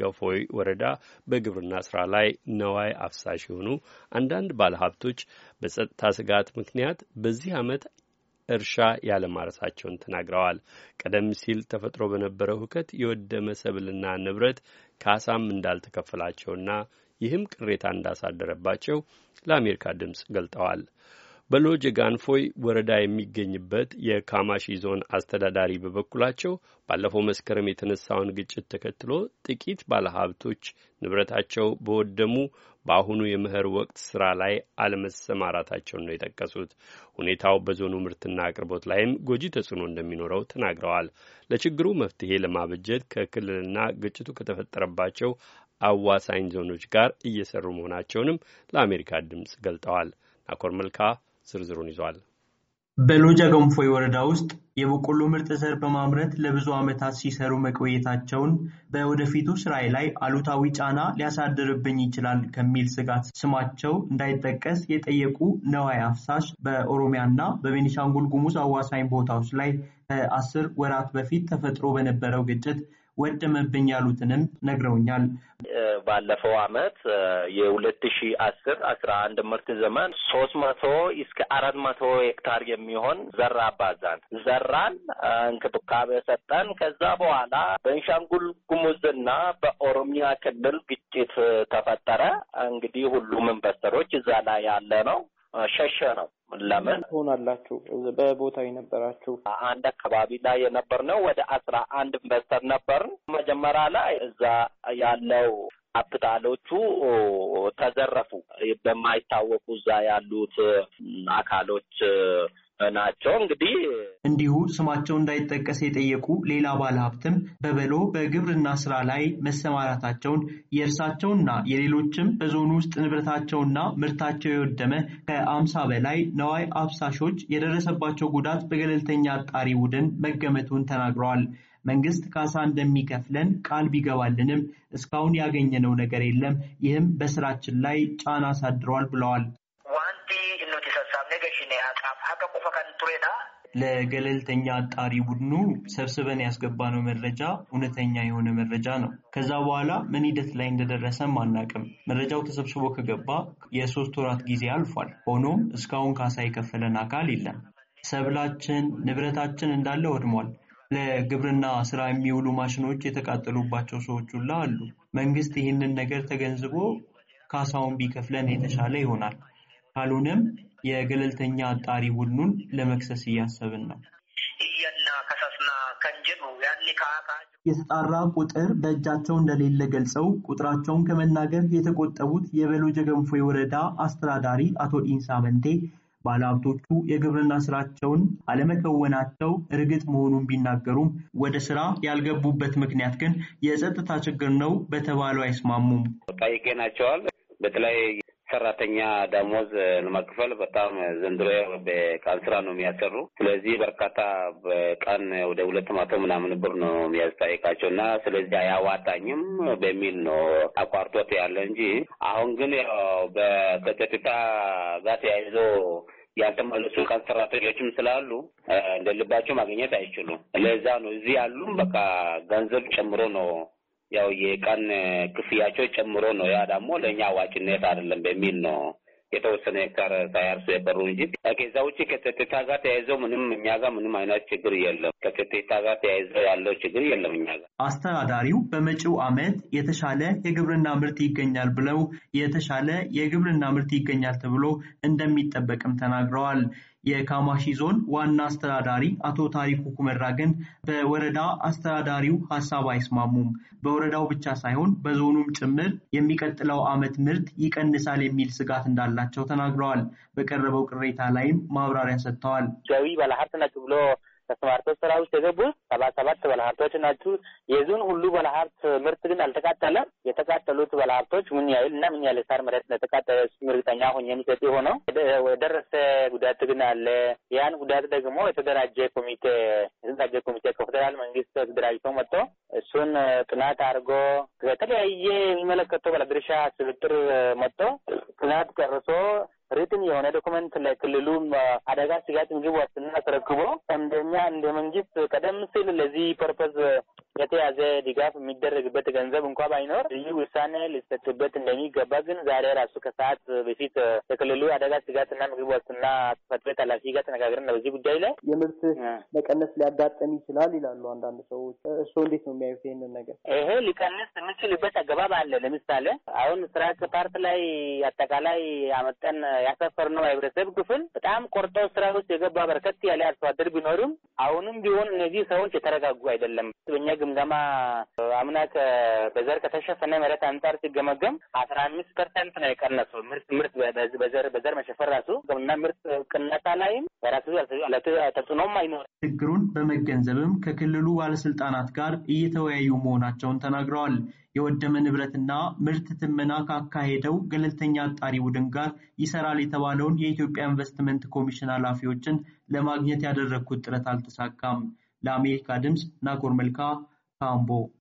ገፎይ ወረዳ በግብርና ስራ ላይ ነዋይ አፍሳሽ የሆኑ አንዳንድ ባለሀብቶች በጸጥታ ስጋት ምክንያት በዚህ ዓመት እርሻ ያለማረሳቸውን ተናግረዋል። ቀደም ሲል ተፈጥሮ በነበረው ሁከት የወደመ ሰብልና ንብረት ካሳም እንዳልተከፈላቸውና ይህም ቅሬታ እንዳሳደረባቸው ለአሜሪካ ድምፅ ገልጠዋል። በሎጅ ጋንፎይ ወረዳ የሚገኝበት የካማሺ ዞን አስተዳዳሪ በበኩላቸው ባለፈው መስከረም የተነሳውን ግጭት ተከትሎ ጥቂት ባለሀብቶች ንብረታቸው በወደሙ በአሁኑ የመኸር ወቅት ስራ ላይ አለመሰማራታቸውን ነው የጠቀሱት። ሁኔታው በዞኑ ምርትና አቅርቦት ላይም ጎጂ ተጽዕኖ እንደሚኖረው ተናግረዋል። ለችግሩ መፍትሄ ለማበጀት ከክልልና ግጭቱ ከተፈጠረባቸው አዋሳኝ ዞኖች ጋር እየሰሩ መሆናቸውንም ለአሜሪካ ድምፅ ገልጠዋል። ናኮር መልካ ዝርዝሩን ይዟል። በሎጃ ገንፎይ ወረዳ ውስጥ የበቆሎ ምርጥ ዘር በማምረት ለብዙ ዓመታት ሲሰሩ መቆየታቸውን በወደፊቱ ስራዬ ላይ አሉታዊ ጫና ሊያሳድርብኝ ይችላል ከሚል ስጋት ስማቸው እንዳይጠቀስ የጠየቁ ነዋይ አፍሳሽ በኦሮሚያና በቤኒሻንጉል ጉሙዝ አዋሳኝ ቦታዎች ላይ ከአስር ወራት በፊት ተፈጥሮ በነበረው ግጭት ወደመብኝ ያሉትንም ነግረውኛል። ባለፈው አመት የሁለት ሺ አስር አስራ አንድ ምርት ዘመን ሶስት መቶ እስከ አራት መቶ ሄክታር የሚሆን ዘራ አባዛን ዘራን እንክብካቤ ሰጠን። ከዛ በኋላ በቤንሻንጉል ጉሙዝና በኦሮሚያ ክልል ግጭት ተፈጠረ። እንግዲህ ሁሉም ኢንቨስተሮች እዛ ላይ ያለ ነው ሸሸ ነው። ለምን ትሆናላችሁ? በቦታ የነበራችሁ አንድ አካባቢ ላይ የነበር ነው። ወደ አስራ አንድ ኢንቨስተር ነበርን። መጀመሪያ ላይ እዛ ያለው ካፒታሎቹ ተዘረፉ። በማይታወቁ እዛ ያሉት አካሎች ናቸው። እንግዲህ እንዲሁ ስማቸው እንዳይጠቀስ የጠየቁ ሌላ ባለሀብትም በበሎ በግብርና ስራ ላይ መሰማራታቸውን የእርሳቸውና የሌሎችም በዞኑ ውስጥ ንብረታቸውና ምርታቸው የወደመ ከአምሳ በላይ ነዋይ አፍሳሾች የደረሰባቸው ጉዳት በገለልተኛ አጣሪ ቡድን መገመቱን ተናግረዋል። መንግስት ካሳ እንደሚከፍለን ቃል ቢገባልንም እስካሁን ያገኘነው ነገር የለም። ይህም በስራችን ላይ ጫና አሳድሯል ብለዋል። ለገለልተኛ አጣሪ ቡድኑ ሰብስበን ያስገባነው መረጃ እውነተኛ የሆነ መረጃ ነው። ከዛ በኋላ ምን ሂደት ላይ እንደደረሰም አናቅም። መረጃው ተሰብስቦ ከገባ የሶስት ወራት ጊዜ አልፏል። ሆኖም እስካሁን ካሳ የከፈለን አካል የለም። ሰብላችን፣ ንብረታችን እንዳለ ወድሟል። ለግብርና ስራ የሚውሉ ማሽኖች የተቃጠሉባቸው ሰዎች ሁላ አሉ። መንግስት ይህንን ነገር ተገንዝቦ ካሳውን ቢከፍለን የተሻለ ይሆናል። ካልሆነም የገለልተኛ አጣሪ ቡድኑን ለመክሰስ እያሰብን ነው። የተጣራ ቁጥር በእጃቸው እንደሌለ ገልጸው ቁጥራቸውን ከመናገር የተቆጠቡት የበሎጀ ገንፎ ወረዳ አስተዳዳሪ አቶ ኢንሳ መንቴ ባለሀብቶቹ የግብርና ስራቸውን አለመከወናቸው እርግጥ መሆኑን ቢናገሩም ወደ ስራ ያልገቡበት ምክንያት ግን የጸጥታ ችግር ነው በተባለው አይስማሙም። ጠይቄ ናቸዋል። በተለይ ሰራተኛ ደሞዝ ለመክፈል በጣም ዘንድሮ በቀን ስራ ነው የሚያሰሩ። ስለዚህ በርካታ በቀን ወደ ሁለት መቶ ምናምን ብር ነው የሚያስጠይቃቸው እና ስለዚህ አያዋጣኝም በሚል ነው አቋርጦት ያለ እንጂ አሁን ግን ከጸጥታ ጋር ተያይዞ ያልተመለሱ ቀን ሰራተኞችም ስላሉ እንደልባቸው ማግኘት አይችሉም። ለዛ ነው እዚህ ያሉም በቃ ገንዘብ ጨምሮ ነው ያው የቀን ክፍያቸው ጨምሮ ነው። ያ ደግሞ ለእኛ አዋጭነት አይደለም በሚል ነው የተወሰነ ሄክታር ተያርሶ የቀሩ እንጂ ከዛ ውጭ ከጸጥታ ጋር ተያይዘው ምንም እኛ ጋር ምንም አይነት ችግር የለም። ከጸጥታ ጋር ተያይዘው ያለው ችግር የለም እኛ ጋር። አስተዳዳሪው በመጪው ዓመት የተሻለ የግብርና ምርት ይገኛል ብለው የተሻለ የግብርና ምርት ይገኛል ተብሎ እንደሚጠበቅም ተናግረዋል። የካማሺ ዞን ዋና አስተዳዳሪ አቶ ታሪኩ ኩመራ ግን በወረዳ አስተዳዳሪው ሀሳብ አይስማሙም። በወረዳው ብቻ ሳይሆን በዞኑም ጭምር የሚቀጥለው ዓመት ምርት ይቀንሳል የሚል ስጋት እንዳለ እንዳላቸው ተናግረዋል። በቀረበው ቅሬታ ላይም ማብራሪያ ሰጥተዋል። ገቢ ባለሀብት ናችሁ ብሎ ተሰማርተው ስራ ውስጥ የገቡት ሰባ ሰባት ባለሀብቶች ናችሁ። የዙን ሁሉ ባለሀብት ምርት ግን አልተቃጠለም። የተቃጠሉት ባለሀብቶች ምን ያህል እና ምን ያህል ሳር መሬት እንደተቃጠለ እርግጠኛ ሆኜ የሚሰጥ የሆነው የደረሰ ጉዳት ግን አለ። ያን ጉዳት ደግሞ የተደራጀ ኮሚቴ የተደራጀ ኮሚቴ ከፌደራል መንግስት ተደራጅቶ መጥቶ እሱን ጥናት አድርጎ ከተለያየ የሚመለከተው ባለድርሻ ስብጥር መጥቶ ጥናት ጨርሶ ሪትን የሆነ ዶኩመንት ላይ ክልሉ አደጋ ስጋት ምግብ ዋስትና አስረክቦ እንደኛ እንደ መንግስት ቀደም ሲል ለዚህ ፐርፐዝ የተያዘ ድጋፍ የሚደረግበት ገንዘብ እንኳ ባይኖር ልዩ ውሳኔ ሊሰጥበት እንደሚገባ ግን ዛሬ ራሱ ከሰዓት በፊት የክልሉ አደጋ ስጋትና ምግብ ዋስትና ጽሕፈት ቤት ኃላፊ ጋር ተነጋግረን በዚህ ጉዳይ ላይ የምርት መቀነስ ሊያጋጥም ይችላል ይላሉ አንዳንድ ሰዎች። እሱ እንዴት ነው የሚያዩት ይህንን ነገር? ይሄ ሊቀንስ የምችልበት አገባብ አለ። ለምሳሌ አሁን ስራ ፓርት ላይ አጠቃላይ አመጠን ያሰፈርነው ህብረተሰብ ክፍል በጣም ቆርጦ ስራ ውስጥ የገባ በርከት ያለ አርሶ አደር ቢኖርም አሁንም ቢሆን እነዚህ ሰዎች የተረጋጉ አይደለም። በኛ ግምገማ አምና በዘር ከተሸፈነ መሬት አንጻር ሲገመገም አስራ አምስት ፐርሰንት ነው የቀነሱ ምርት ምርት በዘር በዘር መሸፈን ራሱ እና ምርት ቅነሳ ላይም ራሱ ተጽዕኖም አይኖር። ችግሩን በመገንዘብም ከክልሉ ባለስልጣናት ጋር እየተወያዩ መሆናቸውን ተናግረዋል። የወደመ ንብረትና ምርት ትመና ካካሄደው ገለልተኛ አጣሪ ቡድን ጋር ይሰራል የተባለውን የኢትዮጵያ ኢንቨስትመንት ኮሚሽን ኃላፊዎችን ለማግኘት ያደረግኩት ጥረት አልተሳካም። ለአሜሪካ ድምፅ ናጎር መልካ 上部。